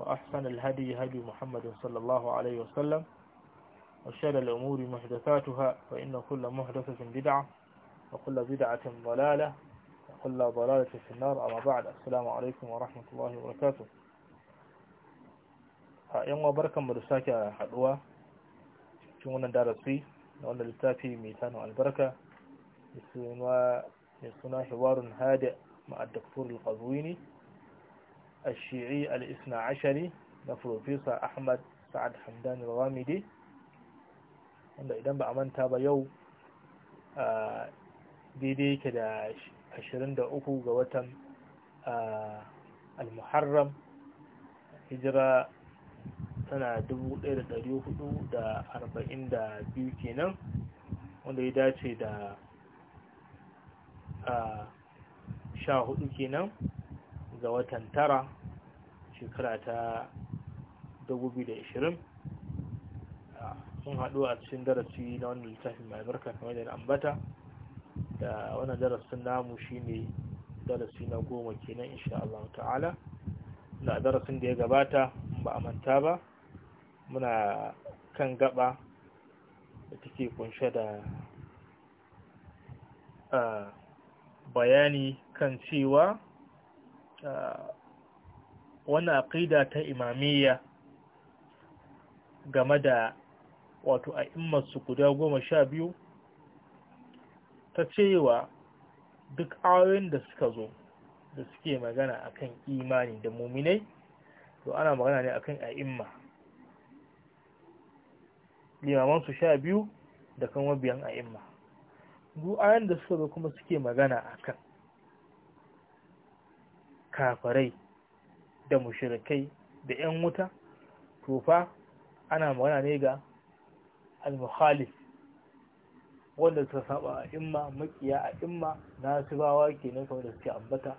وأحسن الهدي هدي محمد صلى الله عليه وسلم وشر الأمور محدثاتها فإن كل محدثة بدعة وكل بدعة ضلالة وكل ضلالة في النار أما بعد السلام عليكم ورحمة الله وبركاته آه، يوم بركة مرساكة حدوة شمونا في وأن للتافي ميتان البركة يسونا حوار هادئ مع الدكتور القزويني الشيعي الاثنى عشري na Profesa Ahmad Sa'ad Hamdan Ramide wanda idan ba a manta ba yau daidai yake da 23 ga watan al-Muharram hijira tana dubu da 1442 kenan wanda ya dace da sha huɗu kenan ga watan tara shekara ta 2020 sun haɗu a cikin darasi na wannan littafin mai barka kamar da ambata da wannan darasin namu shine darasi na goma kenan insha Allah ta'ala da darasin da ya gabata ba a manta ba muna kan gaba da take kunshe da bayani kan cewa wannan aqida ta imamiyya game da wato a su guda goma sha biyu ta cewa duk ayoyin da suka zo da suke magana akan imani da muminai to ana magana ne akan a'imma limamansu sha biyu da kan wabiyan a'imma duk ayoyin da suka zo kuma suke magana akan kafarai da mushirikai da 'yan wuta to fa ana magana ne ga al-mukhalif wanda suka saba a imma makiya a imma na ke kenan kamar da suke ambata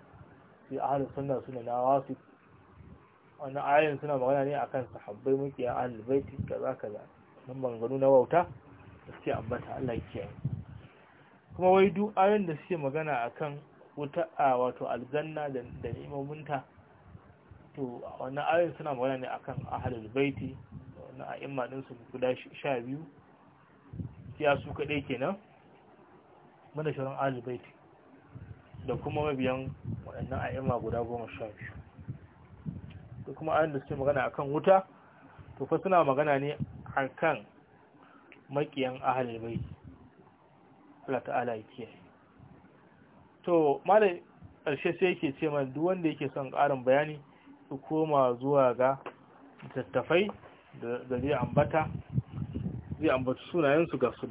sai a sunna suna na wasu wani ayin suna magana ne a kan sahabbai makiya ga za kaza kaza nan bangano na wauta da suke ambata Allah ya kiyaye kuma wai duk ayin da suke magana a kan. wuta a wato aljanna da ni'imominta to wannan ayoyin suna magana ne akan ahalul baiti na a'imma din su guda sha biyu ya su kaɗai kenan mana shirin ahalul baiti da kuma mabiyan waɗannan a'imma guda goma sha biyu da kuma ayoyin da suke magana akan wuta to fa suna magana ne akan makiyan ahalul baiti Allah ta'ala ya kiyaye to male ƙarshe sai yake ce man duk wanda yake son ƙarin bayani su koma zuwa ga tattafai da zai ambata zai ambata sunayensu ga su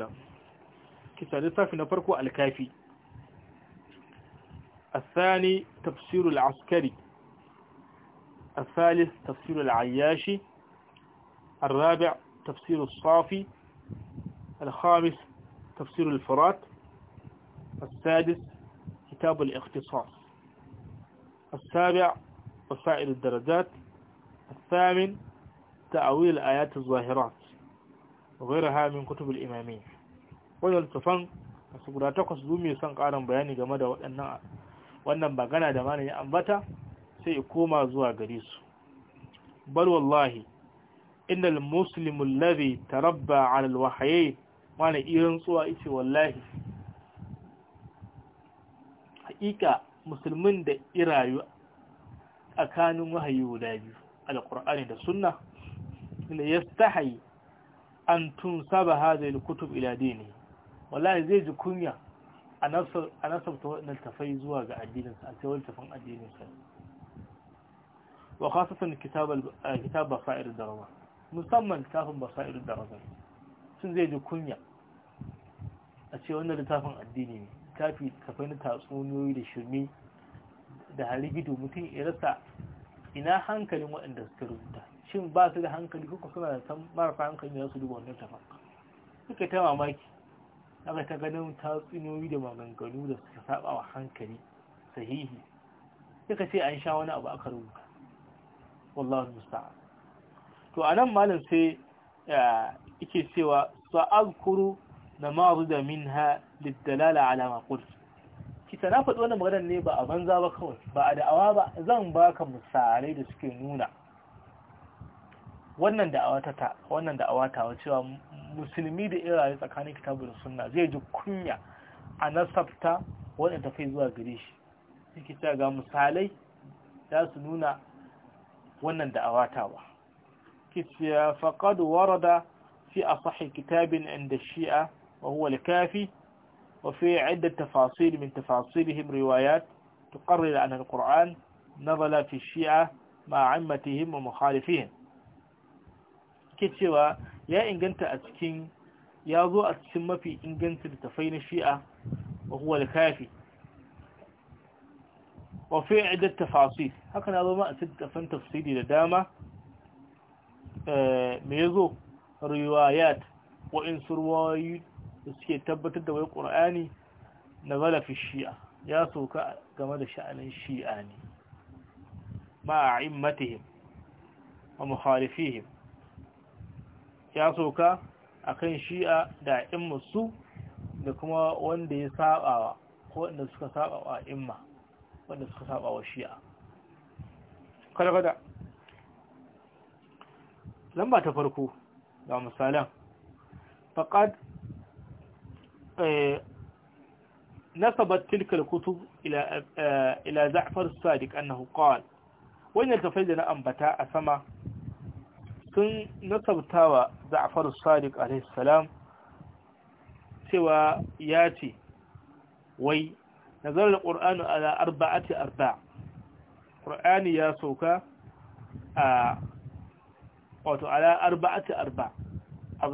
kisa littafi na farko alkafi asani tafsirul askari asalis tafsirul ayyashi الرابع تفسير الصافي الخامس تفسير الفرات السادس كتاب الاختصاص السابع وسائل الدرجات الثامن تأويل آيات الظاهرات وغيرها من كتب الإمامية wannan littafan a su guda takwas zumi son ƙarin bayani game da waɗannan wannan bagana da mana ya ambata sai ya koma zuwa gare su bal wallahi inda muslimul ladhi tarabba ala alwahyi mana irin tsuwa ice wallahi haƙiƙa musulmin da irayu tsakanin wahayi guda biyu alƙur'ani da suna, da ya sahayi an tun saba da kutub ilade ne wallahi zai ji kunya a nasabta waɗannan tafai zuwa ga addininsa a cewar tafin addininsa wa khasatan kitab eh, basa'ir rama musamman tafin basa'ir rama sun zai ji kunya a ce wannan littafin addini ne littafi kafai na tatsuniyoyi da shirme da domin mutum irasa ina hankali waɗanda suka rubuta shin ba su da hankali kuka suna da san marafa hankali za su duba wannan tafa suka ta mamaki aka ta ganin tatsuniyoyi da maganganu da suka saba wa hankali sahihi suka ce an sha wani abu aka rubuta wallahu musta'an to anan malam sai ike eh, cewa sa'azkuru da ma min minha liddalala ala ma qult na faɗi wannan maganar ne ba a banza ba kawai ba a da'awa ba zan baka misalai da suke nuna wannan da'awa ta ta wannan cewa musulmi da iraye tsakanin kitabu da sunna zai ji kunya a nasabta wannan ta zuwa gare shi suke ta ga misalai za su nuna wannan da'awa ta ba kici faƙadu warada fi sahi kitabin inda shi'a وهو الكافي وفي عدة تفاصيل من تفاصيلهم روايات تقرر أن القرآن نظل في الشيعة مع عمتهم ومخالفهم كتشوا يا إنجنت أتكين يا ذو أتسمى في إنجنت لتفين الشيعة وهو الكافي وفي عدة تفاصيل هكذا ما أسدت أفن تفصيلي لدامة آه، ميزو روايات وإن سروايات da suke tabbatar da wai ƙur'ani na zalafi shi'a ya soka game da sha'anin shi'a ne ma'a immatihim a muharifihim ya soka a kan shi'a da musu da kuma wanda ya saɓawa ko wanda suka saɓawa imma wanda suka saɓawa shi'a kalgada lamba ta farko ga misalan faƙad nasabat tilka al-kutub ila ila sadiq annahu qala wannan da na ambata a sama sun nasabtawa Ja'far as-Sadiq alayhi salam cewa ya ce wai nazarar al-Qur'anu ala arba'ati arba' ya sauka a wato ala arba'ati arba' a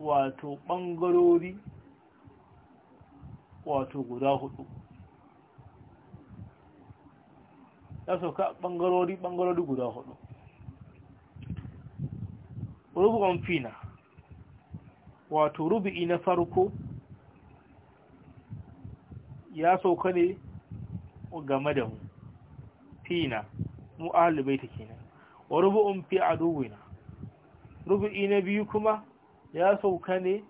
wato ɓangarori wato guda hudu ya sauka ɓangarori ɓangarori guda hudu rubu'un fina wato rubu'i na farko ya sauka ne game da mu fina mu ahalibai ta kenan wa rubu'un fi aduwina rubu'i na biyu kuma ya sauka ne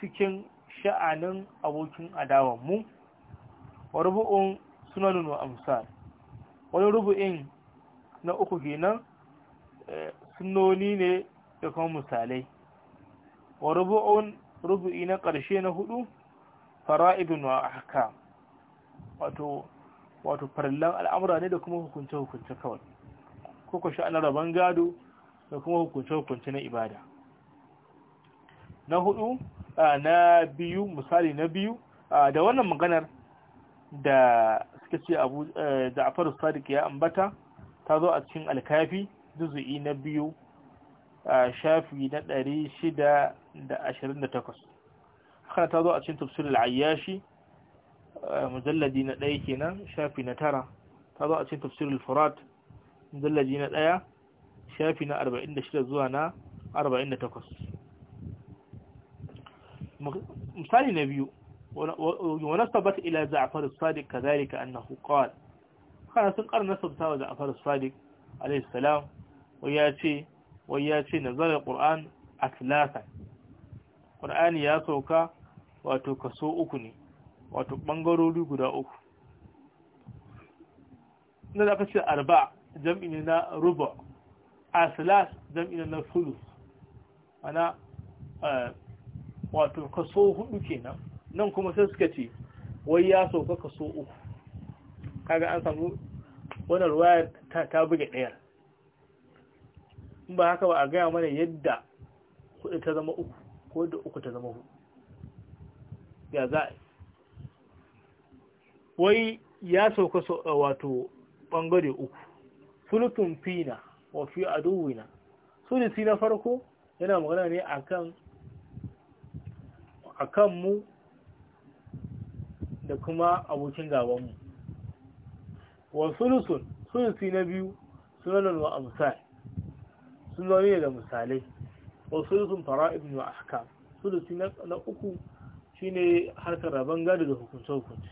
cikin sha'anin abokin adawanmu wa rubu'un sunanin wa amsar wani rubu'in na uku kenan eh, sunoni ne da kuma misalai wa rubu'un rubu'i na ƙarshe na hudu fara'idun wa ahkam wato wato farallan al'amura ne da kuma hukunce-hukunce kawai kuka sha'anar rabon gado da kuma hukunce-hukunce na ibada na hudu na biyu misali na biyu da wannan maganar da suka ce abu ja'far sadiq ya ambata ta zo a cikin alkafi juzu'i na biyu shafi na 628 haka ta zo a cikin tafsir al-ayyashi mujalladi na ɗaya kenan shafi na tara ta zo a cikin tafsir al-furat mujalladi na ɗaya shafi na 46 zuwa na 48 misali na biyu wa nasabata ila Ja'far as-Sadiq kadhalika annahu qala kana sun karna sabta wa Ja'far as-Sadiq alayhi salam wa yace wa yace nazar al-Qur'an atlathan Qur'ani ya sauka wato kaso uku ne wato bangarori guda uku na da aka ce jam'i ne na ruba aslas jam'i ne na fulus ana eh, wato kaso hudu kenan nan kuma sai suka ce wai ya sauka kaso uku kaga an samu wannan ruwaya ta ta buge daya, in ba haka ba a gaya mana yadda hudu ta zama uku ko da uku ta zama hudu ya za a wai ya sauka wato bangare uku sulutun fina wa fi aduwina sulusi na farko yana magana ne akan a kanmu da kuma abokin gabanmu wa sun sulusi na biyu sunanan wa amsal sunoni ne da misalai wasu wa sulusun fara'ibin wa ahkam sulusi na uku shine harkar rabon gado da hukunce-hukunce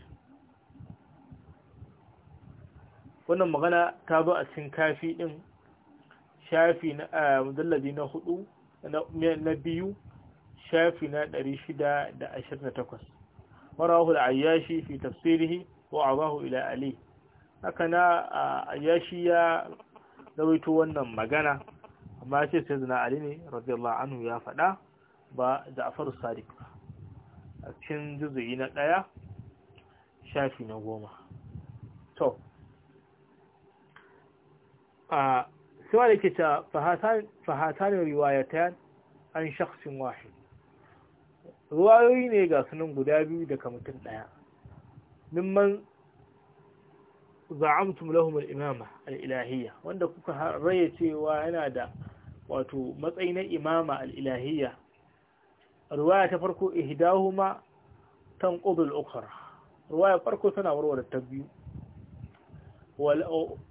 wannan magana ta zo a cikin kafi din shafi na eh, mudallabi na hudu na biyu shafi na ɗari 628 warahu al-ayyashi fi tafsirihi wa abahu ila ali haka na ayashi ya rawaito wannan magana amma ce sai zina ali ne radiyallahu ya faɗa ba ja'far sadiq a cikin juzuyi na ɗaya shafi na goma to a sai wa da ke ta fahatanin an shakhsin wahid ruwayoyi ne ga sunan guda biyu daga mutum ɗaya mimman za'amtum lahum al-imama al-ilahiyya wanda kuka raye cewa yana da wato matsayi na imama al-ilahiyya ruwaya ta farko ihdahuma tanqud al-ukhra ruwaya farko tana warware ta biyu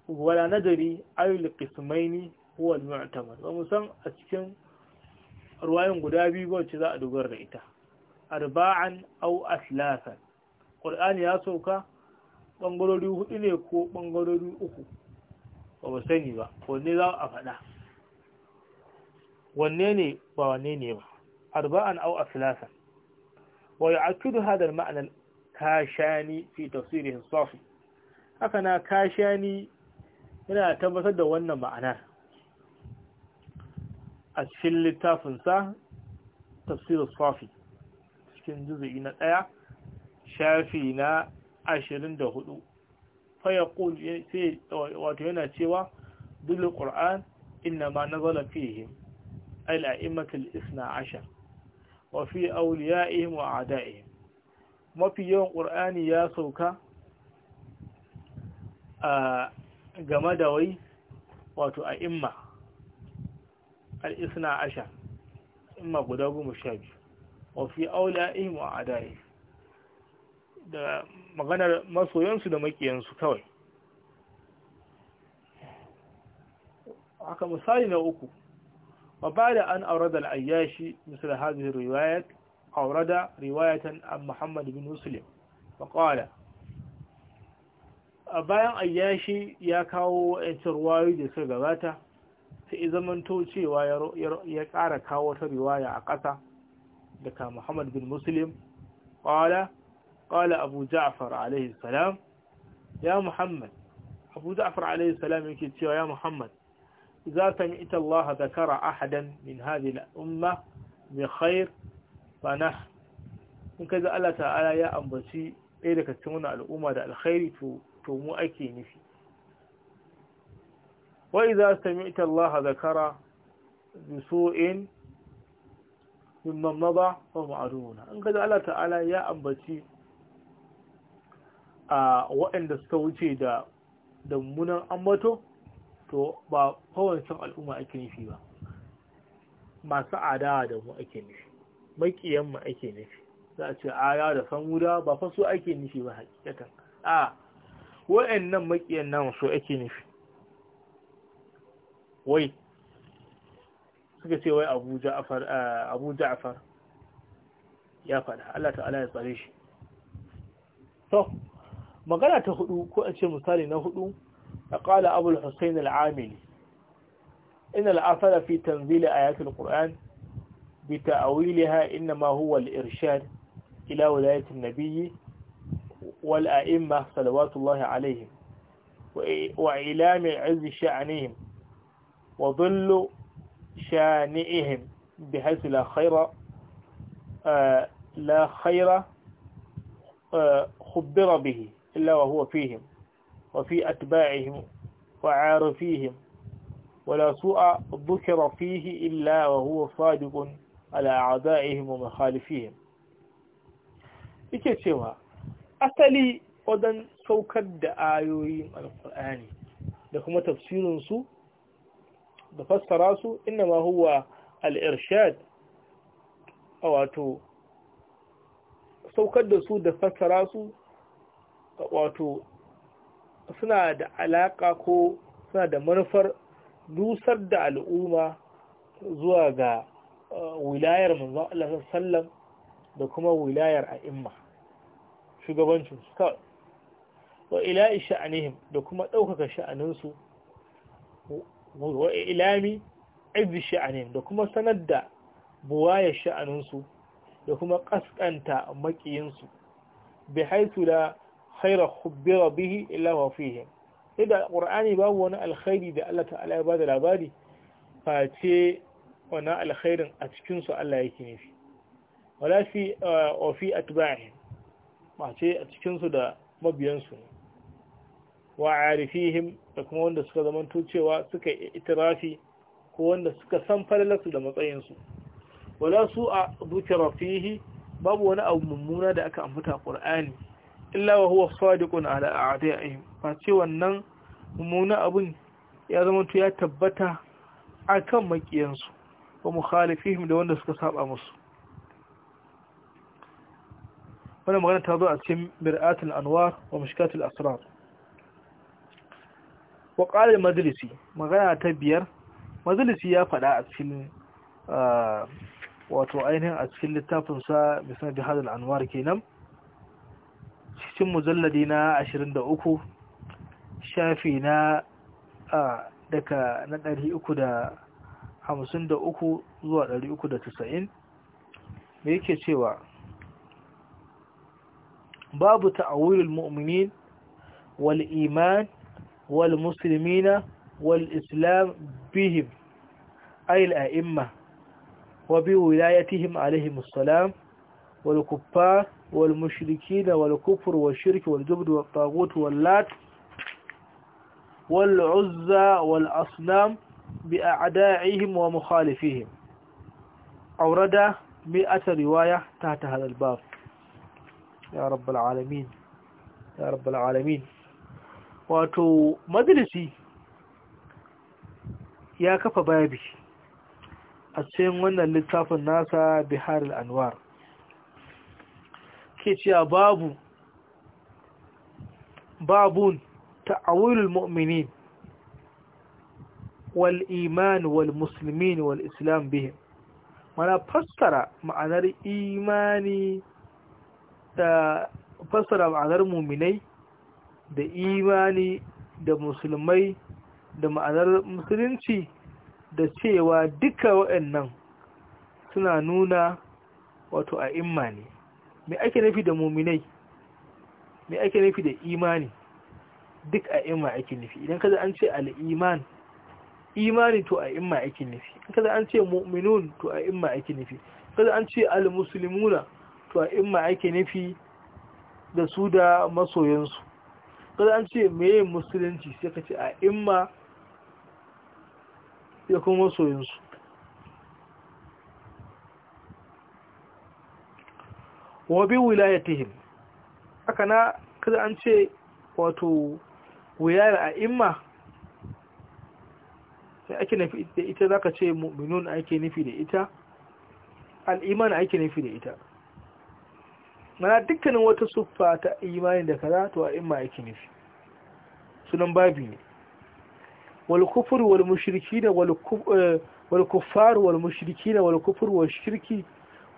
wala nadari al qismaini huwa al-mu'tamad wa mu san a cikin ruwayan guda biyu ba ce za a dogara da ita arba'an au aslasan qur'ani ya sauka ɓangarori hudu ne ko ɓangarori uku ba ba sani ba wanne za a faɗa wanne ne ba wanne ne ba arba'an au aslasan wa ya'akkidu al ma'anar kashani fi tafsirin safi haka na kashani yana tabbatar da wannan ma'anar a cikin littafinsa tafsirin safi cikin juzu'i na ɗaya shafi na ashirin da hudu faya sai wato yana cewa dole Qur'an inna ma na zala fihim al'a'immatul isna ashar wa fi auliya'ihim wa ada'ihim mafi yawan ƙur'ani ya sauka a game da wai wato a imma al'isna ashar imma guda goma sha biyu wafi aula'ihim wa adai da maganar masoyansu da makiyansu kawai haka misali na uku wa ba da an aurada al'ayyashi misal hajji riwayat aurada riwayatan an muhammad bin muslim wa kawada. a bayan ayyashi ya kawo yancin ruwayoyi da suka gabata sai zamanto cewa ya kara kawo ta riwaya a ƙasa daga Muhammad bin Muslim qala qala Abu Ja'far alayhi Muhammad Abu Ja'far alayhi salam yake cewa ya Muhammad idza sami'ta Allah dhakara ahadan min hadhihi al-umma bi khair fa nah in kaza Allah ta'ala ya ambaci ɗaya daga cikin al'umma da alkhairi to mu ake nufi wa idza sami'ta Allah dhakara bi mimman maza wa ma'aruna in kaji Allah ta'ala ya ambaci a waɗanda suka wuce da da munan ambato to ba kowancin al'umma ake nufi ba masu adawa da mu ake nufi Maƙiyanmu ake nufi za a ce aya da samuda ba fa so ake nufi ba hakikatan a waɗannan maƙiyan nan so ake nufi wai suka ce wai abu ja'afar eh, ya faɗa Allah ta'ala ya tsare shi to magana ta hudu ko a ce misali na hudu da ƙala abul hussein al'amili ina al'asara fi tanzili a yakin ƙur'an bi ta'awiliha inna ma huwa al'irshad ila wulayatin nabiyyi wal salawatullahi alaihim wa ilami izzi sha'anihim wa dhillu شانئهم بحيث لا خير آه، لا خير آه، خبر به إلا وهو فيهم وفي أتباعهم وعارفيهم ولا سوء ذكر فيه إلا وهو صادق على أعدائهم ومخالفيهم إيكي cewa أتلي ودن سوكد da القرآن لكم تفسير سوء da fassara su inna ma huwa al-irshad a wato saukar da su da fassara su wato suna da alaka ko suna da manufar dusar da al'umma zuwa ga uh, wilayar manzon Allah sallam da kuma wilayar a'imma shugabancin su kawai wa ila'i sha'anihim da kuma ɗaukaka sha'aninsu wa ilami izi sha'anin da kuma sanar da buwaya sha'aninsu da kuma kaskanta makiyinsu bi haitu la khairar hubbira bihi illa wa idan babu wani alkhairi da Allah ta'ala ya ba da labari face wani alkhairin a cikin su Allah yake nufi wala fi uh, wa a atba'ihim face a cikin da mabiyansu ne wa arifihim da kuma wanda suka zamanto cewa suka itirafi ko wanda suka san falalarsu da matsayinsu wala su a zukira fihi babu wani abu mummuna da aka ambata qur'ani illa wa huwa sadiqun ala a'da'ihim fa ce wannan mummuna abun ya zamanto ya tabbata akan makiyansu ko mukhalifihim da wanda suka saba musu wannan magana ta zo a cikin mir'atul anwar wa mushkatul asrar wa ƙarar majalisi magana ta biyar majalisi ya faɗa a cikin wato ainihin a cikin littafinsa bisan hadal anwar kenan cikin mujalladi na 23 shafi na daga na 353 zuwa 390 me yake cewa babu ta'awilul mu'minin wal iman والمسلمين والإسلام بهم أي الأئمة وبولايتهم عليهم السلام والكفار والمشركين والكفر والشرك والجبد والطاغوت واللات والعزى والأصنام بأعدائهم ومخالفيهم أورد مئة رواية تحت هذا الباب يا رب العالمين يا رب العالمين wato majalisi ya kafa babi a cikin wannan littafin nasa bihar al'anwar ke cewa babu babun ta'awilul mu'minin wal iman wal islam mana fassara ma'anar imani da fassara ma'anar muminai da imani da musulmai da ma'anar musulunci da cewa duka waɗannan suna nuna wato a imani mai ake nufi da muminai mai ake nufi da imani duk a imma ake nufi idan kaza an ce al'iman imani to a imma ake nufi kaza an ce mu'minun to a imma ake nufi kaza an ce al-muslimuna to a imma ake nufi da su da masoyansu kada an ce meye musulunci sai ka ce a imma ya kuma soyinsu wabi wilayatihim haka na kada an ce wato wilayar a imma sai ake nufi da ita zaka ce mu'minun ake nufi da ita al'iman ake nufi da ita mana dukkanin wata suffa ta imani da kaza to a imma yake nufi sunan babi ne wal kufur wal mushriki da wal eh, kuffar wal mushriki da wal kufur wal shirki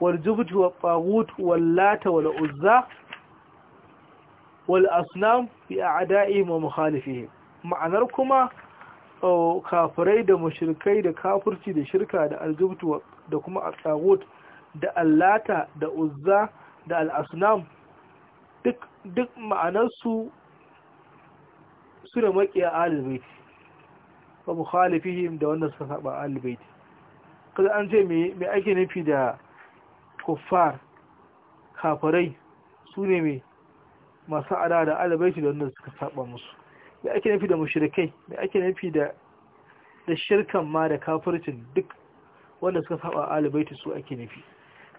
wal zubt wal tagut wal lata wal uzza wal asnam bi a'da'i wa mukhalifihim ma'anar kuma kafirai da mushrikai da kafirci da shirka da aljubtu da kuma at da allata da uzza da al'asnam duk ma'anarsu su da maƙiya alibaiti ba mu khalifihim da wannan suka saba alibaiti kada an ce mai ake nufi da kuffar kafarai su ne mai masu ada da alibaiti da wannan suka saba musu mai ake nufi da mashirikai mai ake nufi da da shirkan ma da kafircin duk wanda suka saba alibaiti su ake nufi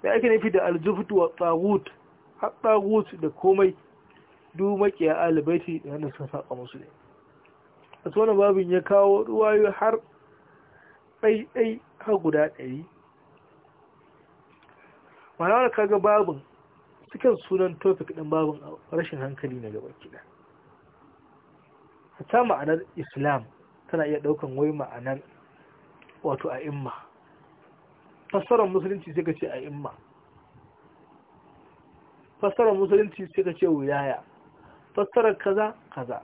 da ake nufi da aljuftu wa tsawut har da komai duk makiya alibaiti da wanda sun saka musu ne a tsohon babin ya kawo ruwayo har ɗai har guda ɗari mana wani kaga babin cikin sunan topic ɗin babin rashin hankali na gaba kiɗa ta ma'anar islam tana iya ɗaukan wai ma'anar wato a imma fassarar musulunci sai ka ce a imma fassarar musulunci sai ka ce wuyaya fassarar kaza kaza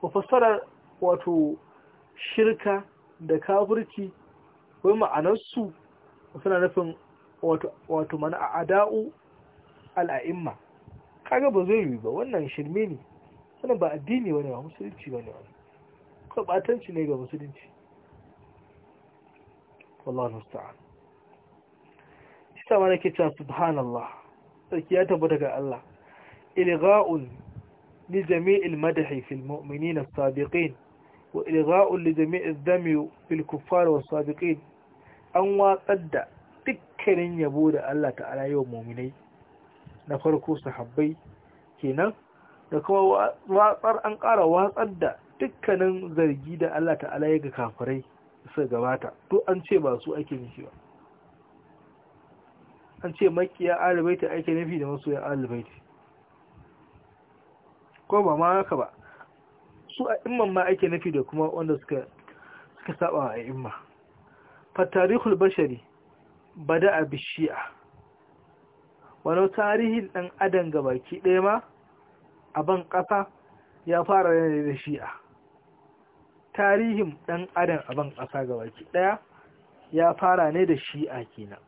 ko fassarar wato shirka da kafirci wai ma'anarsu suna nufin wato mana a ada'u al'a'imma kaga ba zai yi ba wannan shirme ne suna ba addini wani ba musulunci wani wani kwabatanci ne ga musulunci wallahu musta'an isa ma nake cewa subhanallah sarki ya tabbata ga Allah ilgha'un li jami'il madhi fil mu'minin as-sabiqin wa ilgha'un li jami'iz dhami fil kuffar was-sabiqin an watsar da dukkanin yabo da Allah ta'ala yau mu'minai na farko sahabbai kenan da kuma watsar an ƙara watsar da dukkanin zargi da Allah ta'ala ya ga kafirai suka gabata to an ce ba su ake nishi ba an ce makiya alibaita ake nufi da masoya alibaita ko ba ma haka ba su a imman ma ake nufi da kuma wanda suka saba a imma fatarihul bashari bada a bishiya wani tarihin dan adam ga baki ɗaya ma a ban ƙasa ya fara yanayi da shi'a tarihin dan adam a ban ƙasa ga baki ɗaya ya fara ne da shi'a kenan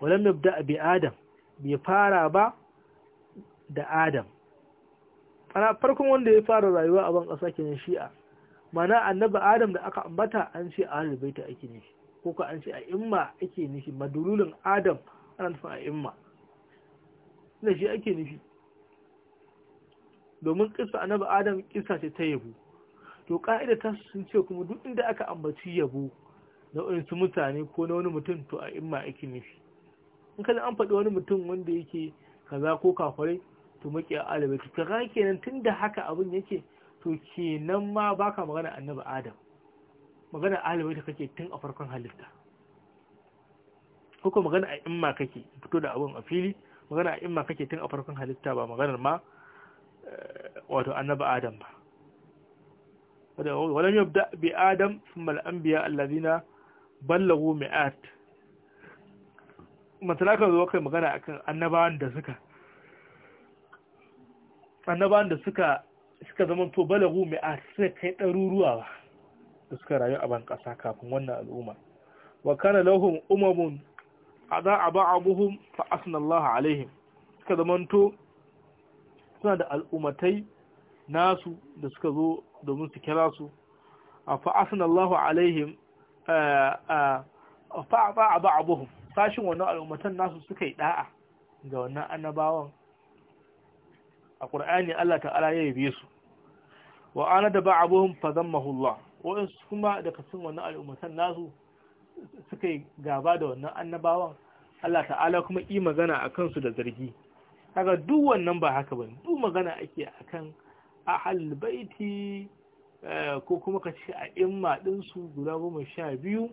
walam yabda bi adam bai fara ba da adam ana farkon wanda ya fara rayuwa a ban ƙasa kenan shi'a mana annabi adam da aka ambata an ce a baita ake nishi ko an ce a imma ake nishi madululin adam ana nufin a imma da shi ake nufi domin kisa annabi adam kisa ce ta yabo to ka'ida ta sun ce kuma duk inda aka ambaci yabo na wani mutane ko na wani mutum to a imma ake nufi in kada an faɗi wani mutum wanda yake kaza ko kafarai to maƙiya alibai to kaga kenan tun da haka abin yake to kenan ma baka magana annabi adam magana alibai ta kake tun a farkon halitta ko magana a imma kake fito da abin a fili magana a imma kake tun a farkon halitta ba maganar ma eh, wato annabi adam ba bi adam sun ثم biya allazina ballagu مئات matalakan zuwa kai magana kan annabawan da suka annabawan da suka suka zama to balagu mai a suka kai ɗaruruwa da suka rayu a ban ƙasa kafin wannan al'umma wa kana lahum umamun ba abuhum fa asnallahu alaihim suka zama to suna da al'ummatai nasu da suka zo domin su kira su fa asnallahu alaihim eh, eh, fa ba abuhum sashin wannan al'ummatan nasu suka yi da'a ga wannan annabawan a ƙur'ani Allah ta'ala ya yabe su wa ana da ba'abuhum fa zammahu Allah waɗansu kuma daga cikin wannan al'ummatan nasu suka yi gaba da wannan annabawan Allah ta'ala kuma yi magana a kansu da zargi kaga duk wannan ba haka bane duk magana ake akan ahlul baiti eh, ko kuma ka ce a imma ɗinsu guda goma sha biyu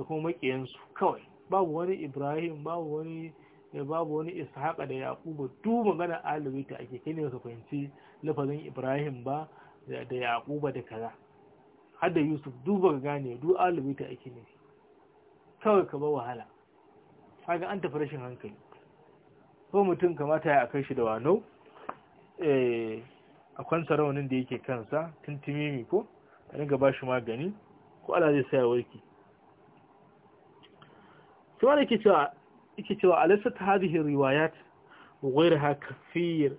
da kuma maƙiyansu kawai babu wani ibrahim babu wani da eh, babu wani ishaqa da yaquba du magana alawi ta ake kai ne ka fahimci lafazin ibrahim ba da yaquba da kaza har da yusuf du ba gane du alawi ta ake ne kawai ka ba wahala kaga an tafi rashin hankali ko mutum kamata ya akai shi da wano eh a kwansa raunin da yake kansa tun timimi ko a ringa ba shi magani ko Allah zai saya warki to wani ke cewa yake cewa riwayat ghayraha kafir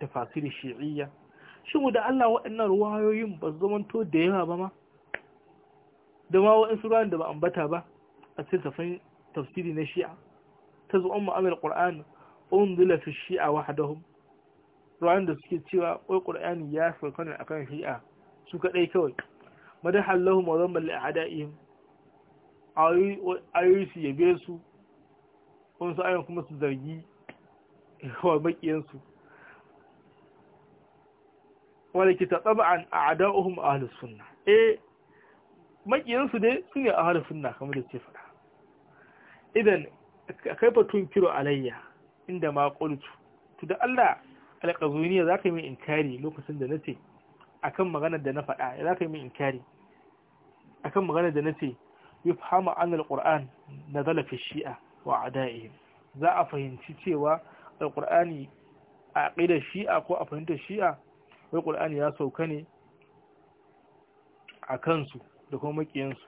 tafasir shi'iyya shin da Allah waɗannan ruwayoyin ba zamanto da yawa ba ma da ma waɗansu ruwayoyin da ba ambata ba a cikin tafsiri na shi'a ta zo amma amir qur'an unzila fi shi'a wahdahum Ruwan da suke cewa wai qur'ani ya sauka ne akan shi'a su kadai kawai madahallahu wa a li'ada'ihim A yi su yabe su wasu ayon kuma su zargi wa makiyansu wadda ke taɓa an a'ada ohun ahalus suna eh makiyansu ne su ne ahalus suna kamar da ce fara idan kaifa tun kiro alayya inda ma ƙulcu to da Allah alƙazuniya za ka yi in kari lokacin da na ce akan maganar da na faɗa za ka yi in kari akan maganar da na ce yufhamu an alquran nazala fi shi'a wa a'da'ihim za a fahimci cewa alqur'ani a aqidar shi'a ko a fahimtar shi'a alqur'ani ya sauka ne a kansu da kuma makiyansu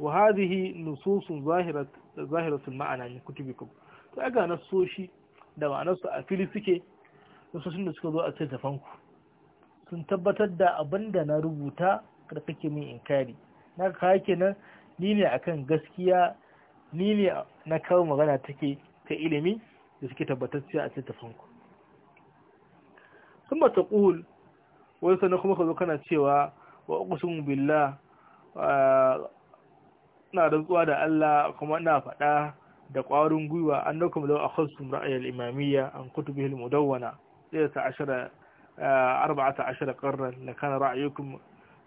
wa hadhihi nususun zahirat zahiratul ma'ana min kutubikum to aga nasoshi da ma'anarsu a fili suke nasoshin da suka zo a cikin sun tabbatar da abinda na rubuta kada kake min inkari na ka kenan ni ne akan gaskiya ni ne na kawo magana take ta ilimi da suke tabbatacciya a littafin ku sun mata ƙul wani kuma ka zo kana cewa wa billa billah ah, na rantsuwa da Allah kuma na faɗa da ƙwarin gwiwa an nauka mulau a kansu ra'ayar imamiyya an kutu bihil mudawwana zai ta ashara ah, arba'ata ashara karnar na kana ra'ayukum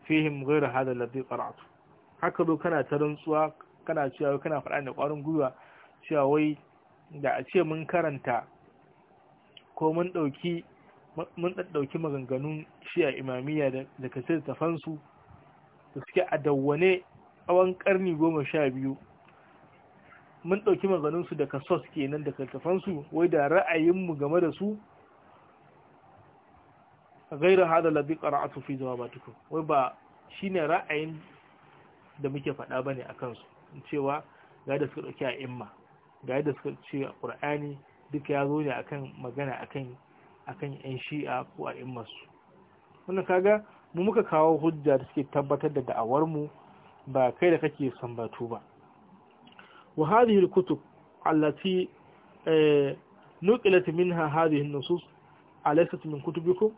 fihim hada ladhi qara'tu haka zo kana ta rantsuwa kana cewa kana faɗa da ƙwarin gwiwa cewa wai da a ce mun karanta ko mun ɗauki mun ɗauki maganganun shiya imamiyya da ta fansu da suke a dawwane tsawon ƙarni goma sha biyu mun ɗauki maganganunsu da sos kenan da kaltafansu wai da ra'ayinmu game da su gairar hada labi ƙara'atu fi tukun wai ba shine ra'ayin da muke faɗa ba ne a kansu cewa ga da suka ɗauki a imma ga da suka ce a ƙur'ani duka ya zo ne akan magana akan akan yan shi'a ko a su. wannan kaga mu muka kawo hujja da suke tabbatar da da'awar mu ba kai da kake sambatu ba wa hadhihi al-kutub allati eh, nuqilat minha hadhihi an-nusus alaysat min kutubikum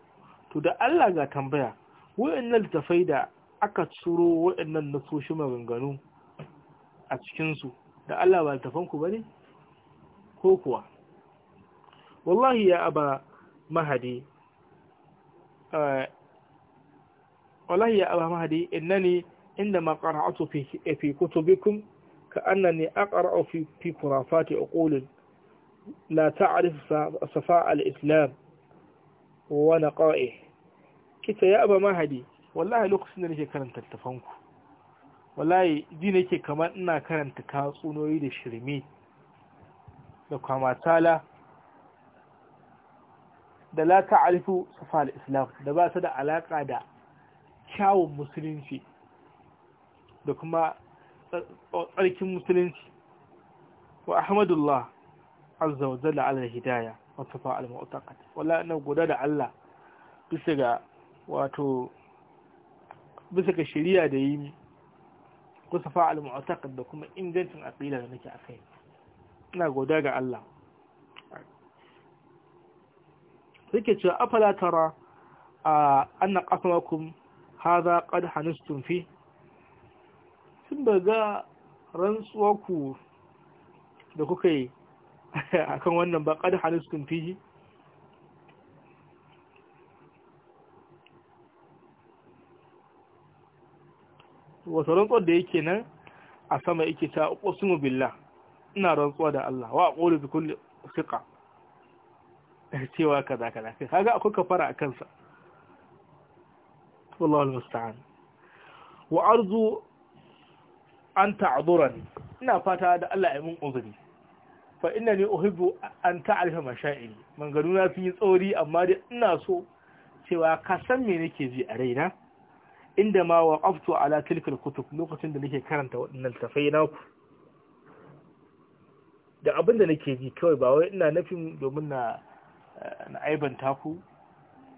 to da Allah ga tambaya wa'annan littafai da aka ciro waɗannan nasoshi maganganu a cikinsu da Allah ba tafanku ba ne? Ko kuwa? Wallahi ya aba mahadi, wallahi ya aba mahadi inna ne inda makara'atu fi kutubikum ka annani aqra'u fi fi kurafati na ta ta'rif safa al-islam wa naqa'ih kita ya aba mahadi wallahi lokacin da nake karanta tafanku wallahi ji nake kamar ina karanta tatsunoyi da shirme da kwamatala da la alifu safa islam da ba su da alaka da kyawun musulunci da kuma tsarkin musulunci wa ahmadullah azza wa jalla ala hidaya wa safa al mutaqat wallahi ina goda da Allah bisa ga wato bisa ga shari'a da yi kusa fa'al mu'taqid da kuma ingancin aƙila da nake akai ina goda ga Allah suke cewa afala tara anna qasamakum hadha qad hanastum fi sun daga rantsuwarku da kuka yi a kan wannan ba hannun hanastum fi wasu rantsuwar da yake nan a sama yake ta uqsimu billah ina rantsuwa da Allah wa ƙoli bi kulle thiqa eh, cewa za ka haka akwai kafara a kansa wallahu musta'an wa arzu an ne ina fata da Allah ya mun uzuri fa ne uhibbu an ta'rifa mashaa'iri manganuna sun yi tsori amma dai ina so cewa ka san me nake ji a raina inda ma waqaftu ala tilkal kutub lokacin da nake karanta waɗannan tafai na ku da abin da nake ji kawai ba wai ina nafin domin na na aibanta ku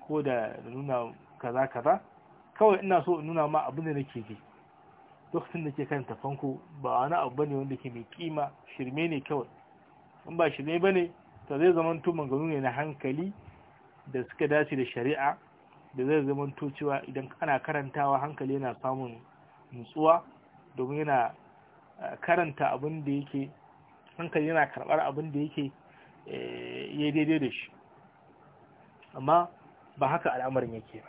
ko da nuna kaza kaza kawai ina so in nuna ma abin da nake ji lokacin da ke karanta fanko, ba wani abu bane wanda ke mai kima shirme ne kawai in ba shirme bane to zai zama to maganganu ne na hankali da suka dace da shari'a da zai zamanto cewa idan ana karantawa hankali yana samun nutsuwa domin yana eh, karanta abin da yake hankali yana karɓar abin da yake eh, ya daidai da shi amma ba haka al'amarin yake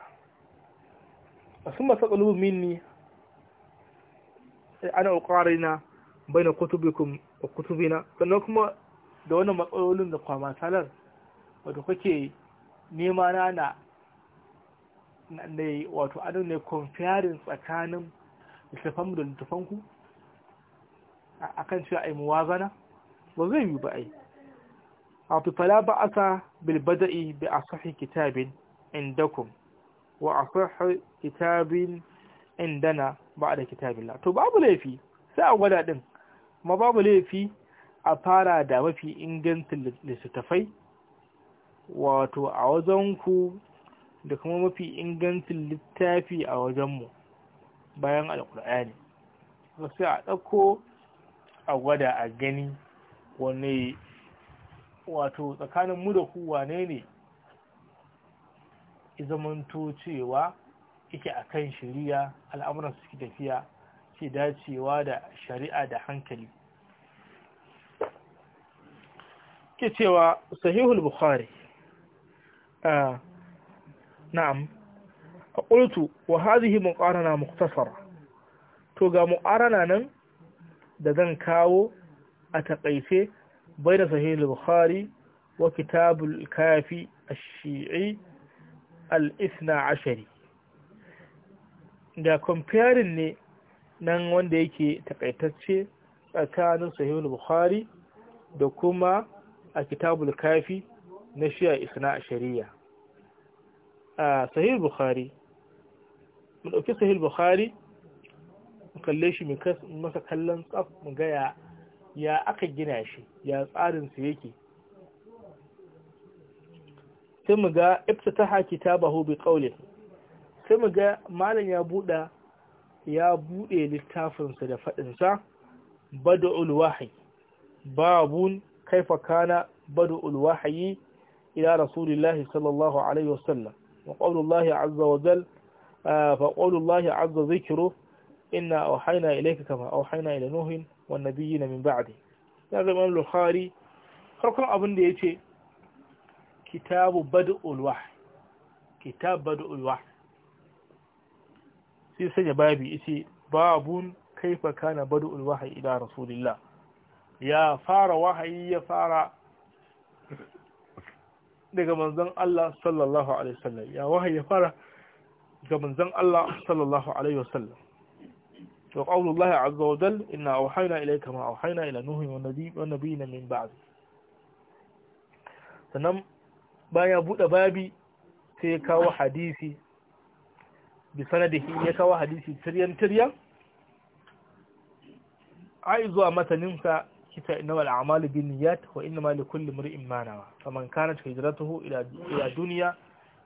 ba a sun masu ƙalubu minni ana ƙwarina bai na kutubina sannan kuma da wannan matsalolin da kwamasalar wadda kwake nema na wato adon ne comparing tsakanin littafanmu da littafanku a kan cewa a yi muwazana ba zai yi ba yi wato fala ba asa bilbada'i bi a sahi kitabin indakum wa a sahi kitabin indana ba da kitabin la to babu laifi sai a gwada din ma babu laifi a fara da mafi ingancin littattafai wato a wajen ku da kuma mafi ingancin littafi a wajenmu bayan alkur'ani sai a ɗauko a gwada a gani wane wato tsakanin mu da ku wanene ne izamanto cewa yake a kan shari'a al'amuran suke tafiya ke dacewa da shari'a da hankali ke cewa sahihul bukhari ah, na'am qultu wa hadhihi muqarana muktasara to ga muqarana nan da zan kawo a takaice bai sahih al-bukhari wa kitab kafi ash-shi'i al ashari da comparing ne nan wanda yake taƙaitacce tsakanin sahih al-bukhari da kuma a kitabul kafi na shi'a isna shari'a a sahih bukhari mu dauki sahih bukhari mu kalle shi mu masa kallon tsaf mu gaya ya aka gina shi ya tsarin su yake sai mu ga iftataha kitabahu bi qawli sai mu ga malam ya buda ya bude littafin sa da fadin sa bad'ul wahyi babun kaifa kana bad'ul wahyi ila rasulillahi sallallahu alaihi wasallam وقول الله عز وجل فقول الله عز ذكره إنا أوحينا إليك كما أوحينا إلى نوح والنبيين من بعده ya zama lukhari farkon abin da ya ce kitabu bad'ul wah kitab bad'ul wah sai sanya babi yace babun kaifa kana bad'ul wahyi ila rasulillah ya fara wahayi ya fara daga manzon Allah sallallahu alaihi wasallam ya wahayi ya fara ga manzon Allah sallallahu alaihi wasallam to qaulullahi azza wa jalla inna auhayna ilayka ma auhayna ila nuhin wa nabi wa nabiyina min ba'd sannan baya bude babi sai ya kawo hadisi bi sanadihi ya kawo hadisi tiryan tiryan ai zuwa mataninsa كتا إنما الأعمال بالنيات وإنما لكل مرء ما نوى فمن كانت هجرته إلى دنيا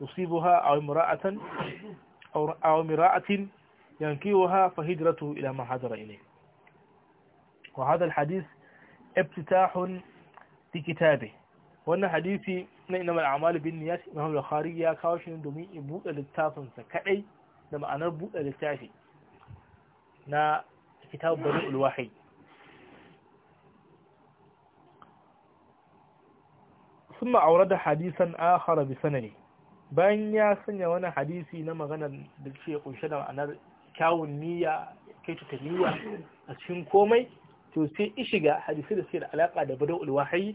يصيبها أو مرأة أو أو مرأة ينكيها فهجرته إلى ما حضر إليه وهذا الحديث ابتتاح لكتابه كتابه وأن حديث إنما الأعمال بالنيات إمام الخارية كاوشن دمي إبوء للتاف سكأي لما أنا إبوء للتاف نا كتاب بريء الوحيد ثم hadisan حديثا آخر بسنني bayan ya sanya wani hadisi na maganar da ce kunshe da ma'anar kyawun niyya kai ta niyya a cikin komai to sai ishiga hadisi da suke da alaka da bada ulwahayi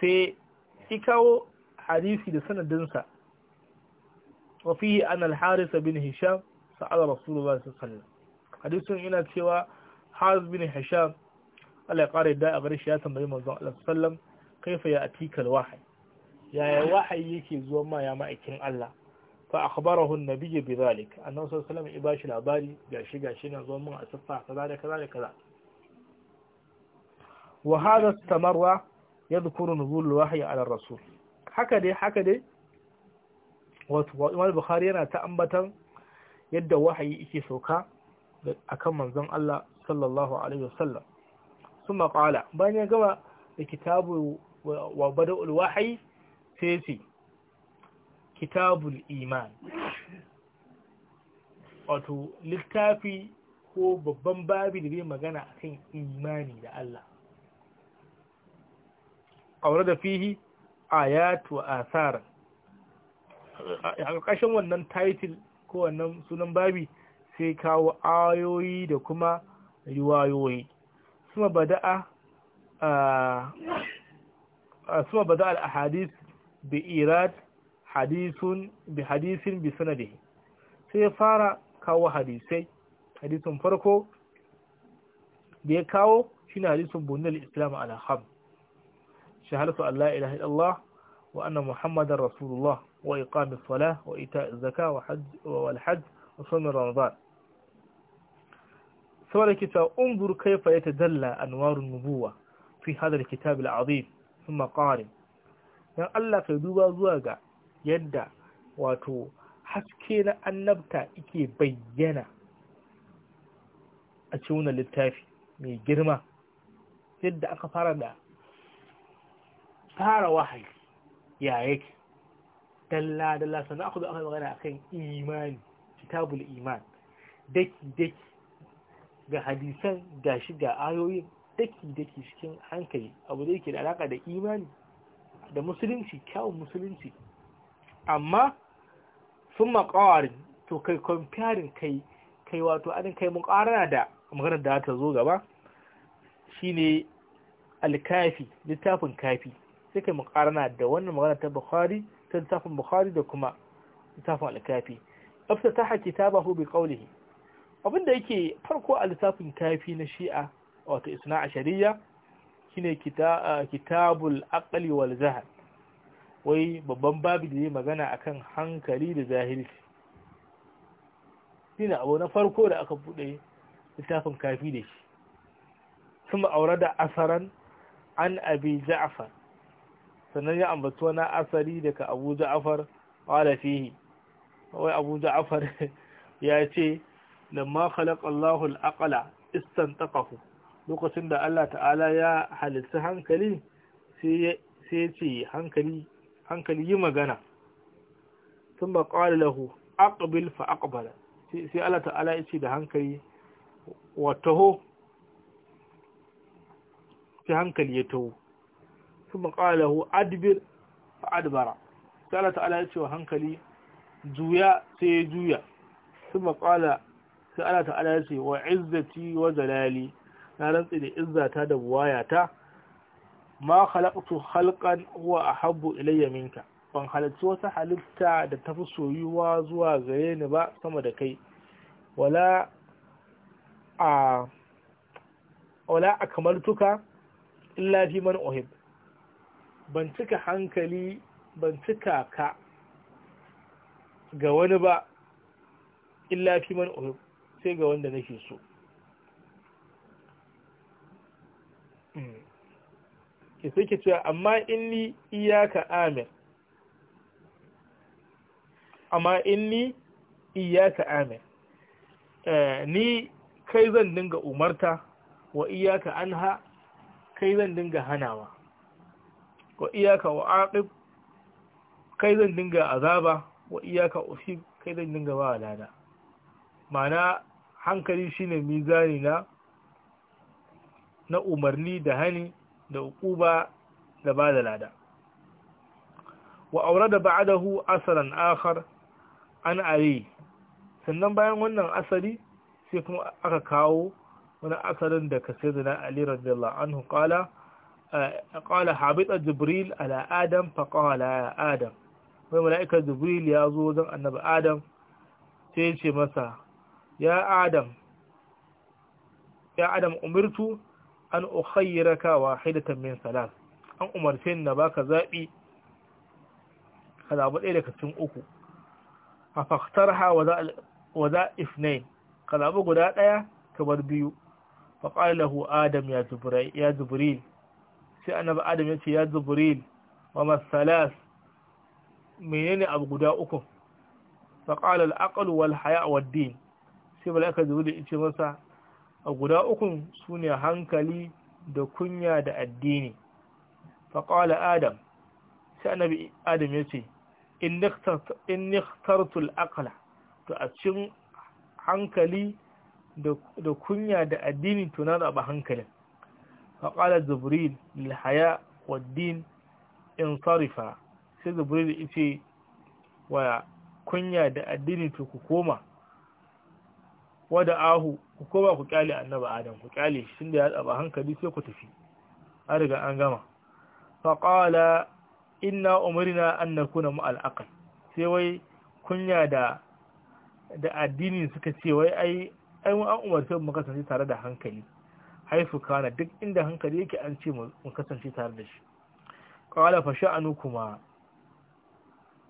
sai ikawo hadisi da sanadinsa wa fihi an al-haris bin hisham sa'ala rasulullah sallallahu alaihi hadisin yana cewa haris bin hisham Allah ya kare da a gare shi ya tambayi manzon Allah sallallahu kaifa ya atikal wahayi yaya wahayi yake zuwa ma ya ma'aikin Allah fa akhbarahu an-nabiy bi zalik annabi sallallahu alaihi wasallam labari gashi gashi na zuwa mun asaffa kaza da kaza da kaza wa hadha istamarra yadhkuru nuzul al-wahyi ala rasul haka dai haka dai wato Imam Bukhari yana ta ambatan yadda wahayi yake sauka akan manzon Allah sallallahu alaihi wasallam kuma qala bayan ya gama da kitabu wa bada'ul wahayi sai ce kitabul iman wato littafi ko babban babi da zai magana akan imani da Allah aure da fihi ayatu asar a wannan title ko wannan sunan babi sai kawo ayoyi da kuma riwayoyi suna bada'a a ah, ثم بدأ الأحاديث بإيراد حديث بحديث بسنده سيفارة كاو حديثي حديث فرقو دي كاو شين حديث بني الإسلام على خم شهادة أن لا إله إلا الله وأن محمد رسول الله وإقام الصلاة وإيتاء الزكاة وحج والحج وصوم رمضان سؤال الكتاب انظر كيف يتدلى أنوار النبوة في هذا الكتاب العظيم maƙarin don Allah ka duba zuwa ga yadda wato haske na annabta ike bayyana a littafi mai girma yadda aka fara da fara wahayi ya yake dalla-dalla sannan aka zo aka magana a kan imani kitabul iman daki-daki ga hadisan gashi ga ayoyin daki-daki cikin hankali abu da yake da alaka da imani da musulunci kyawun musulunci amma sun maƙawarin to kai kwamfiyarin kai kai wato adin kai mukarana da maganar da ta zo gaba shine alkafi littafin kafi sai kai mukarana da wannan maganar ta bukari ta littafin bukari da kuma littafin alkafi afta ta haƙi ta bahu bai ƙaunihi abinda yake farko a littafin kafi na shi'a wato isna ashariya shine kitabul aqli wal zahar wai babban babu da yi magana a kan hankali da zahiri shine abu na farko da aka bude littafin kafi da shi sun aure da asaran an abi ja'far sannan ya ambaci wani asari daga abu za'afar qala fihi wai abu za'afar ya ce lamma khalaqa Allahu al-aqla istantaqahu lokacin da Allah ta'ala ya halitta hankali sai ya ce hankali yi magana sun ba ƙwari lahu aqbil fa aqbala sai Allah ta'ala ya ce da hankali wa taho sai hankali ya taho sun ba ƙwari lahu adbir fa adbara sai Allah ta'ala ya ce wa hankali juya sai ya juya sun ba ƙwari sai Allah ta'ala ya ce wa izzati wa zalali na rantsi da izzata da buwayata ma khalaqtu khalqan huwa ahabbu ilayya minka ban halarci wata halitta da tafi soyuwa zuwa gare ni ba sama da kai wala a wala a kamar tuka illa fi man uhib ban cika hankali ban cika ka ga wani ba illa fi man uhib sai ga wanda nake so ki sai ki cewa amma inni iyaka amir amma inni iyaka amir eh, ni kai zan dinga umarta wa iyaka anha kai zan dinga hanawa wa iyaka wa aqib kai zan dinga azaba wa iyaka usib kai zan dinga ba lada mana hankali shine mizani na na umarni da hani da uquba da ba da lada wa aurada ba'dahu asalan akhar an ali sannan bayan wannan asali sai kuma aka kawo wani asalin da da ali radiyallahu anhu qala qala habita jibril ala adam fa qala ya adam wai malaika jibril ya zo wajen annabi adam sai ya ce masa ya adam ya adam umirtu an ukhayyiraka wahidatan min salat an umarce ni na baka zabi ka zabi ɗaya daga cikin uku a faktarha wa za ifnain ka zabi guda ɗaya ka bar biyu fa qala lahu adam ya jibril ya jibril sai annabi adam ya ce ya jibril wa salas. menene abu guda uku fa qala al aql wal haya wad din sai malaka jibril ya ce masa a guda ukun su ne hankali da kunya da addini faƙala adam sai annabi adam ya ce in nikhtartul akala to a cin hankali da kunya da addini to na zaɓa hankalin faƙala zubril lahaya waddin in sarifa sai zubril ya ce kunya da addini to ku koma wada ahu ku ba ku kyale annabi adam ku kyale shi tunda ya tsaba hankali sai ku tafi an riga an gama fa qala inna umrina an nakuna mu al aql sai wai kunya da da addini suka ce wai ai ai an umarce mu kasance tare da hankali haifu kana duk inda hankali yake an ce mu kasance tare da shi qala fa sha'anukuma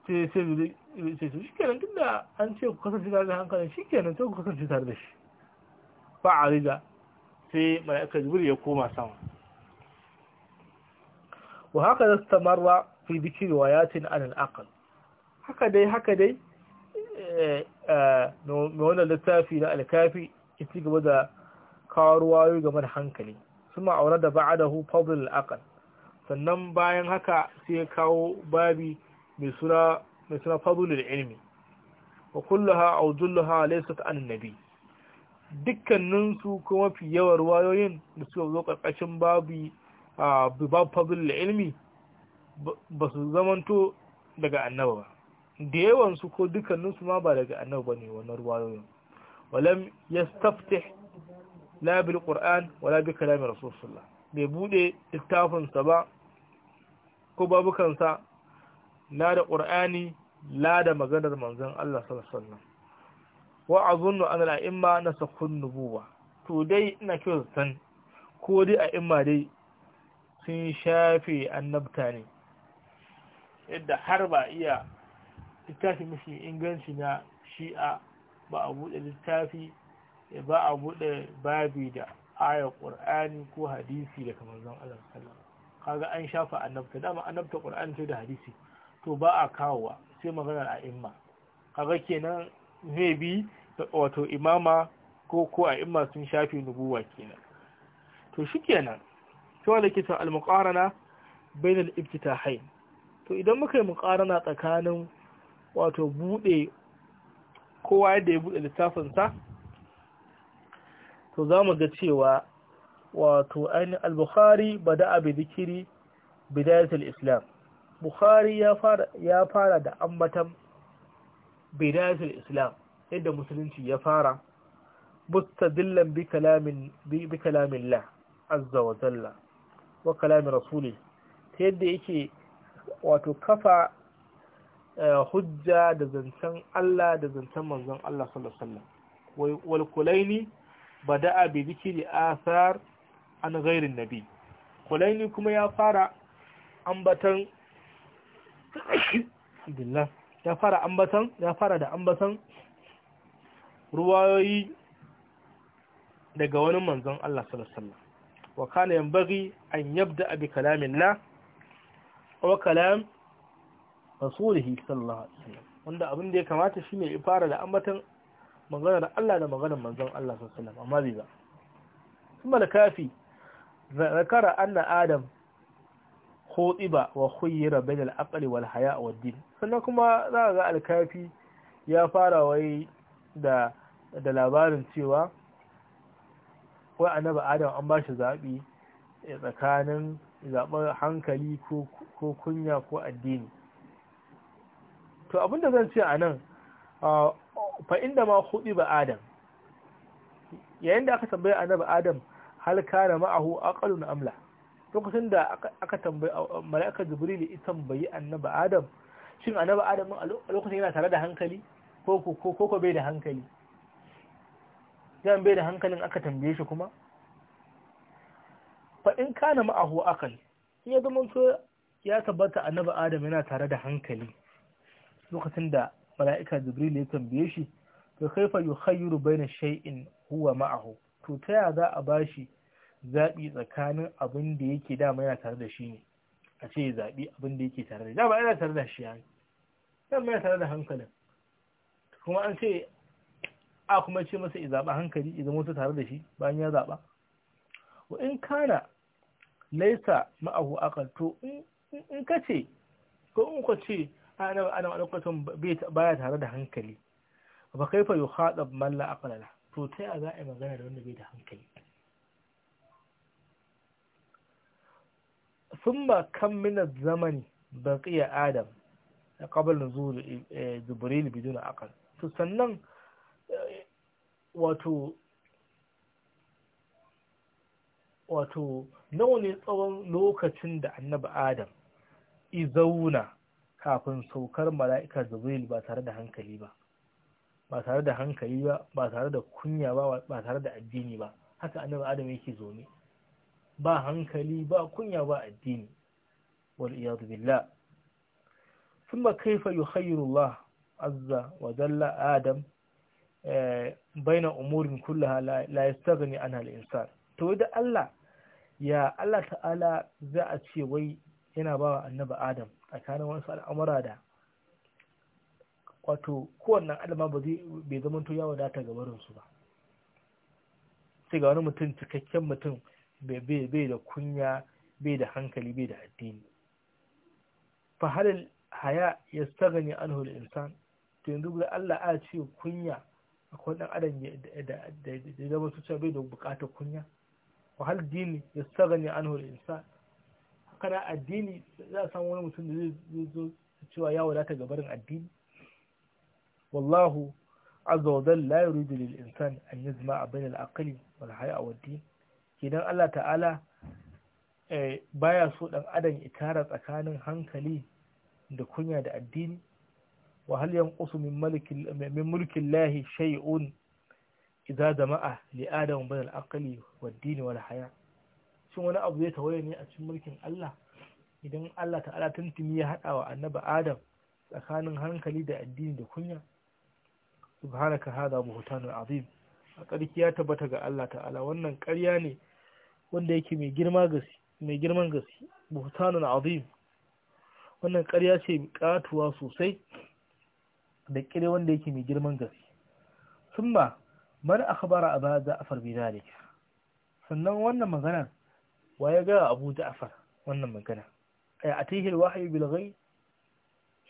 sai sai zuri sai tun da an ce ku kasance tare da hankalin shikenan sai ku kasance tare da shi ba a rida sai mala'ikar jibril ya koma sama wa haka da stamarwa fi dhikri wayatin an al-aql haka dai haka dai na eh, eh, wannan littafi na alkafi ya ci gaba da kawo ruwayoyi game da hankali suna aure da ba'adahu fadl al-aql sannan bayan haka sai ya kawo babi mai suna mai suna fadulul ilmi a kulluha aw julluha laysat an nabi dukkanin su kuma fi yawan ruwayoyin da suka zo karkashin babu a babu ilmi ba su zamanto daga annaba ba da yawan su ko dukkanin su ma ba daga annaba ne wannan wayoyin. walam ya la bil qur'an wala bi kalami rasulullah bai bude littafinsa ba ko babukansa la da ƙur'ani la da maganar manzon Allah sallallahu wa azunnu an al'imma na nubuwa to dai ina kyau san ko dai a imma dai sun shafe annabta ne yadda har ba iya littafi mafi inganci na shi'a ba a buɗe littafi ba a buɗe babi da ayar ƙur'ani ko hadisi da kamar zan Allah kaga an shafa annabta dama annabta ƙur'ani ce da hadisi to ba a kawowa sai maganar a imma kaga kenan zai bi wato imama ko ko a imma sun shafi nubuwa kenan to shikenan to wanda ke son al-muqarana bainal ibtitahain to idan muka yi muqarana tsakanin wato bude kowa yadda ya bude littafin sa to zamu ga cewa wato ainihin al-bukhari bada'a bi dhikri bidayatul islam bukhari ya fara da ambatan bidayatul islam yadda musulunci ya fara mustadillan bi kalamin bi kalamin la azza wa zalla wa kalamin rasuli ta yadda yake wato kafa eh, hujja da zancen Allah da zancen manzon Allah sallallahu alaihi wasallam bada'a bi dhikri athar an ghairin nabi kulaini kuma ya fara ambatan ya fara ambatan ya fara da ambatan ruwayoyi daga wani manzon Allah sallallahu alaihi wasallam wa kana yanbaghi an yabda bi kalamillah wa kalam rasulihi sallallahu alaihi wasallam wanda abin da ya kamata shine ya fara da ambatan maganar Allah da maganar manzon Allah sallallahu alaihi wasallam amma bai ba kuma da kafi ذكر أن آدم khudiba wa khuyyira bainal aqli wal haya wad din sannan kuma za ga alkafi ya fara wai da da labarin cewa wai annabi adam an bashi zabi tsakanin zaɓar hankali ko kunya ko addini to abinda zan ce a nan fa inda ma hudu ba adam yayin da aka tambaye annabi adam hal kana ma'ahu aqalun amla lokacin da aka tambayi mala'ika jibril ya tambayi annabi adam shin annabi adam a lokacin yana tare da hankali ko ko bai da hankali yan bai da hankalin aka tambaye shi kuma fa in kana ma'ahu akal ya zama to ya tabbata annabi adam yana tare da hankali lokacin da mala'ika jibril ya tambaye shi to kaifa yukhayyiru baina shay'in huwa ma'ahu to ta ya za a bashi zaɓi tsakanin abin da yake dama yana tare da shi ne a ce zaɓi abin da yake tare da shi dama yana tare da shi ya yi dama yana tare da hankalin kuma an ce a kuma ce masa ya zaɓa hankali ya zama tare da shi bayan ya zaɓa wa in kana laisa ma'ahu akal to in ka ce ko in ka ce ana ana alƙatun baya tare da hankali ba kai fa yuhadab man la aqlala to ta ya za a yi magana da wanda bai da hankali ثم كم zamani الزمن adam آدم قبل نزول جبريل بدون عقل تسنن wato wato nawa ne tsawon lokacin da annabi adam izauna kafin saukar mala'ika jibril ba tare da hankali ba ba tare da hankali ba ba tare da kunya ba ba tare da addini ba haka annabi adam yake zaune ba hankali ba kunya ba addini wal’iyyazu billah sun ba kaifa yi azza wa adam eh, baina umurin kulla la ne an halittar to yi da allah ya allah ta'ala za a ce wai yana ba wa Annabi adam tsakanin wasu al'amura da wato kowanne adama ba zai zama to ya wadata gabarinsu ba sai ga wani mutum cikakken mutum bai da kunya bai da hankali bai da addini fa halal haya ya anhu al-insan to yanzu da Allah a ce kunya akwai dan adam da da zama su bai da bukatar kunya wa hal dini ya anhu al-insan kana addini za a samu wani mutum da zai zo cewa ya wadata gabarin addini wallahu azza wa jalla la yuridu lil insani an yajma'a bayna al-aqli wal haya wad din idan Allah ta'ala eh, baya so ɗan adam itara tsakanin hankali da kunya da addini wa hal yanqusu min mulkin lahi shay'un idza jama'a li adam bin al-aqli wad-din wal-haya shin wani abu zai tawaye ne a cikin mulkin Allah idan Allah ta'ala tuntumi ya hada wa annabi adam tsakanin hankali da addini da kunya subhanaka hada buhtanun azim a ƙarki ya tabbata ga Allah ta'ala wannan ƙarya ne wanda yake mai girma gasi mai girman gaske buhtanun azim wannan ƙarya ce katuwa sosai da ƙire wanda yake mai girman gaske summa man akhbara aba ja'far bi zalik sannan wannan maganar ya ga abu ja'far wannan magana ay atihi alwahyu bil ghaib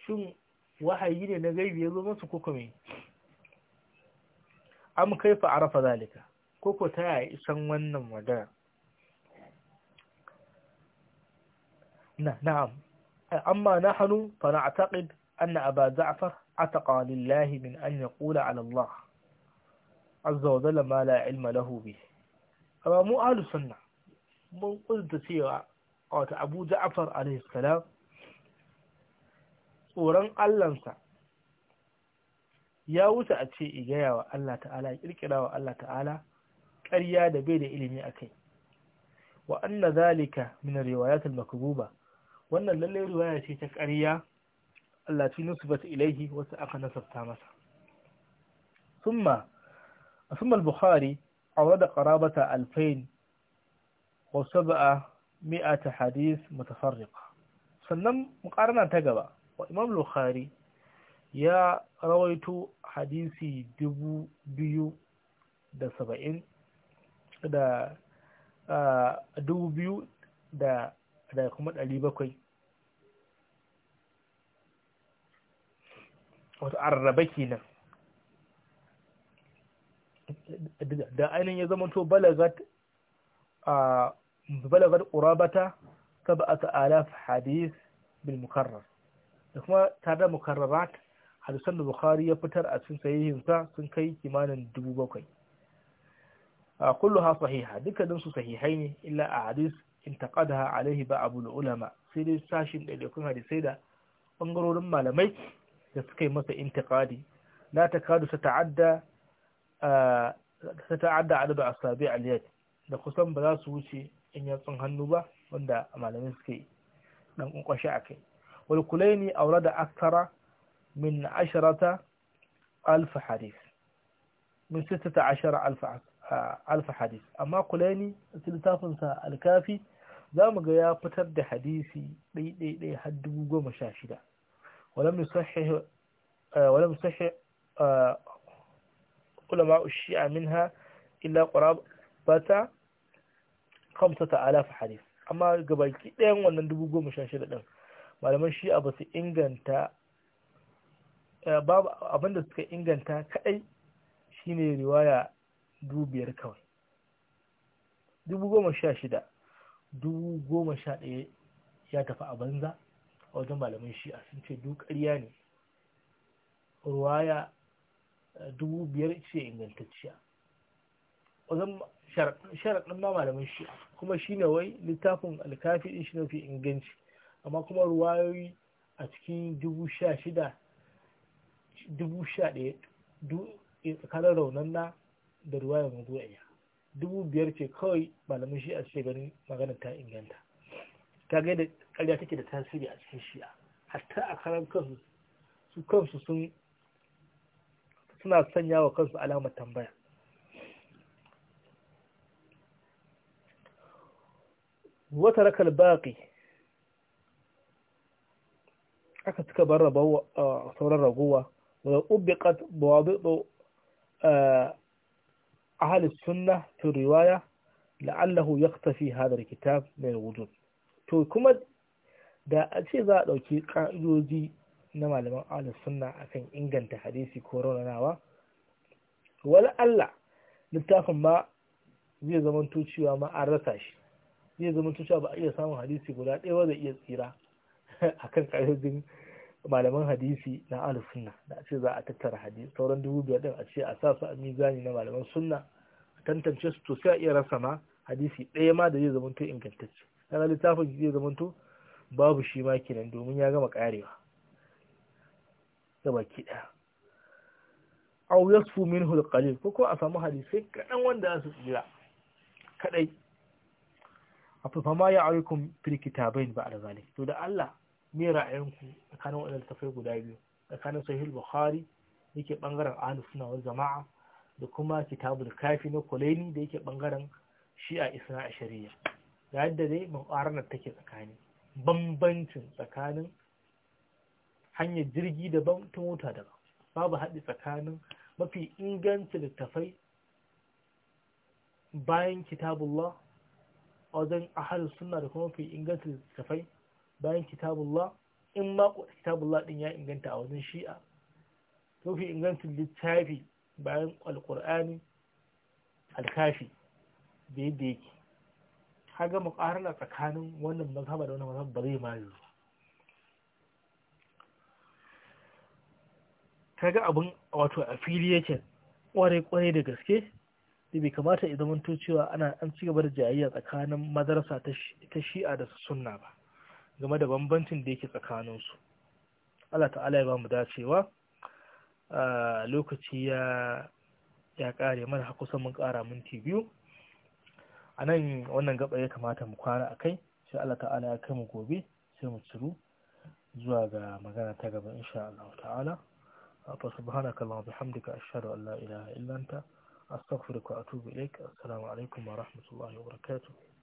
shin wahayi ne na gaibi ya zo masa ko kuma am kaifa arafa dalika ko ko ta yaya isan wannan magana na’am, amma na hannu fana a taƙid an na aba za’afar a taƙawalin lahimin ƙula alallah, an zau zala mala ilma lahubi. Amma mu alu sunna, mun ƙulta cewa a wata abu za’afar alaihissalam, tsoron Allahnsa ya wuce a ce igaya wa Allah ta’ala, wa Allah ta’ala, ƙarya da bai da ilimi a kai. wa anna zalika min riwayat al-makbuba wannan lalle riwaya ce ta ƙarya Allah fi nusbat ilaihi wasu aka nasabta masa thumma thumma al-bukhari da ƙarabata alfain wa sab'a mi'ata hadith mutafarriqa sannan muqarana ta gaba wa imam bukhari ya rawaito hadisi dubu biyu da saba'in da ah, dubu biyu da da kuma ɗari bakwai wato arraba kenan da ainihin ya zama to balagat a ta ƙurabata aka alaf hadis bil mukarrar da kuma tare da mukarrarat hadisan da bukhari ya fitar a cikin sahihinsa sun kai kimanin dubu bakwai a kullu ha sahiha dukkanin su sahihai ne illa a hadis intaqadaha alaihi ba abu ulama sai dai sashin ɗaiɗaikun hadisai da bangarorin malamai da suka yi masa intiqadi la takadu tata'adda tata'adda adadu asabi aliyat da kusan ba za su wuce in yatsun hannu ba wanda malamai suke yi dan kunkwashe akai wal kulaini awrada akthara min 10 hadith min 16 hadith amma kulaini littafin sa al-kafi za mu ga ya fitar da hadisi ɗaiɗaiɗai har dubu goma sha shida mu sashe eh, eh, ulama shi'a minha illa ƙwarabata ta alafa hadis amma gabaki ɗayan wannan dubu goma sha shida ɗin malaman shi a basu inganta eh, babu abinda suka inganta kaɗai shine riwaya dubu biyar kawai dubu goma sha shida dubu goma sha ɗaya ya tafi a banza a wajen malamin shi'a sun ce duk ƙarya ne ruwaya eh, dubu biyar ce ingantacciya wajen sharaɗin ma malamin shi'a kuma shi ne wai littafin alkafi ɗin shi fi inganci amma kuma ruwayoyi a cikin dubu sha shida dubu sha ɗaya tsakanin raunan na da ruwayar mazuwa dubu biyar ce kawai malamin a ce ganin maganar ta inganta ta ga da ƙarya take da tasiri a cikin shi'a hatta a karan kansu kansu sun suna sanya wa kansu alamar tambaya wata rakar baƙi aka cika bar sauran ragowa wadda ƙubbi bawa أهل السنة في الرواية لعله يقتفي هذا الكتاب من الوجود to kuma da a ce za a ɗauki ƙa'idoji na malaman ahlus sunna akan inganta hadisi ko raunanawa wala Allah littafin ma zai zamanto cewa ma an rasa shi zai zamanto cewa ba a iya samun hadisi guda ɗaya ba wanda iya tsira akan ƙa'idojin malaman hadisi na ahlus sunna da a ce za a tattara hadisi sauran dubu biyar din a ce a sa su a mizani na malaman sunna tantance su sai a iya rasa ma hadisi ɗaya ma da zai zamanto ingantacce kaga littafin zai zamanto babu shi ma kenan domin ya gama karewa gaba ki ɗaya aw yasfu minhu alqalil ko ko a samu hadisai kaɗan wanda za su tsira kadai A fa ma ya'arikum fil kitabain da zalik to da Allah me ra'ayinku tsakanin wannan tafai guda biyu tsakanin sahih bukhari yake bangaren ahlus sunna wal jama'a da kuma kitabul kafi na kulaini da yake bangaren shi'a isra a shari'a ga yadda dai mu'aranar take tsakani bambancin tsakanin hanyar jirgi daban ta mota daban babu haɗi tsakanin mafi inganci littafai bayan kitabullah wajen ahalin suna da kuma mafi inganci littafai bayan kitabullah in ma kitabullah din ya inganta a wajen shi'a mafi inganta littafi bayan alkur'ani alkafi da yadda yake haga mukarala tsakanin wannan mazhaba da wannan mazhaba ba zai mayu kaga abun wato a fili yake kwarai kwarai da gaske da bai kamata ya zamanto cewa ana an ci gaba da jayayya tsakanin madarasa ta shi'a da sunna ba game da bambancin da yake su. Allah ta'ala ya ba mu dacewa lokaci ya ya kare mana kusan mun kara minti biyu a nan wannan gaba ya kamata mu kwana a kai sai Allah ta'ala ya kai mu gobe sai mu ciru zuwa ga magana ta gaba insha Allah ta'ala fa subhanaka allahumma bihamdika ashhadu an la ilaha illa anta astaghfiruka wa atubu ilaik assalamu alaikum wa rahmatullahi wa barakatuh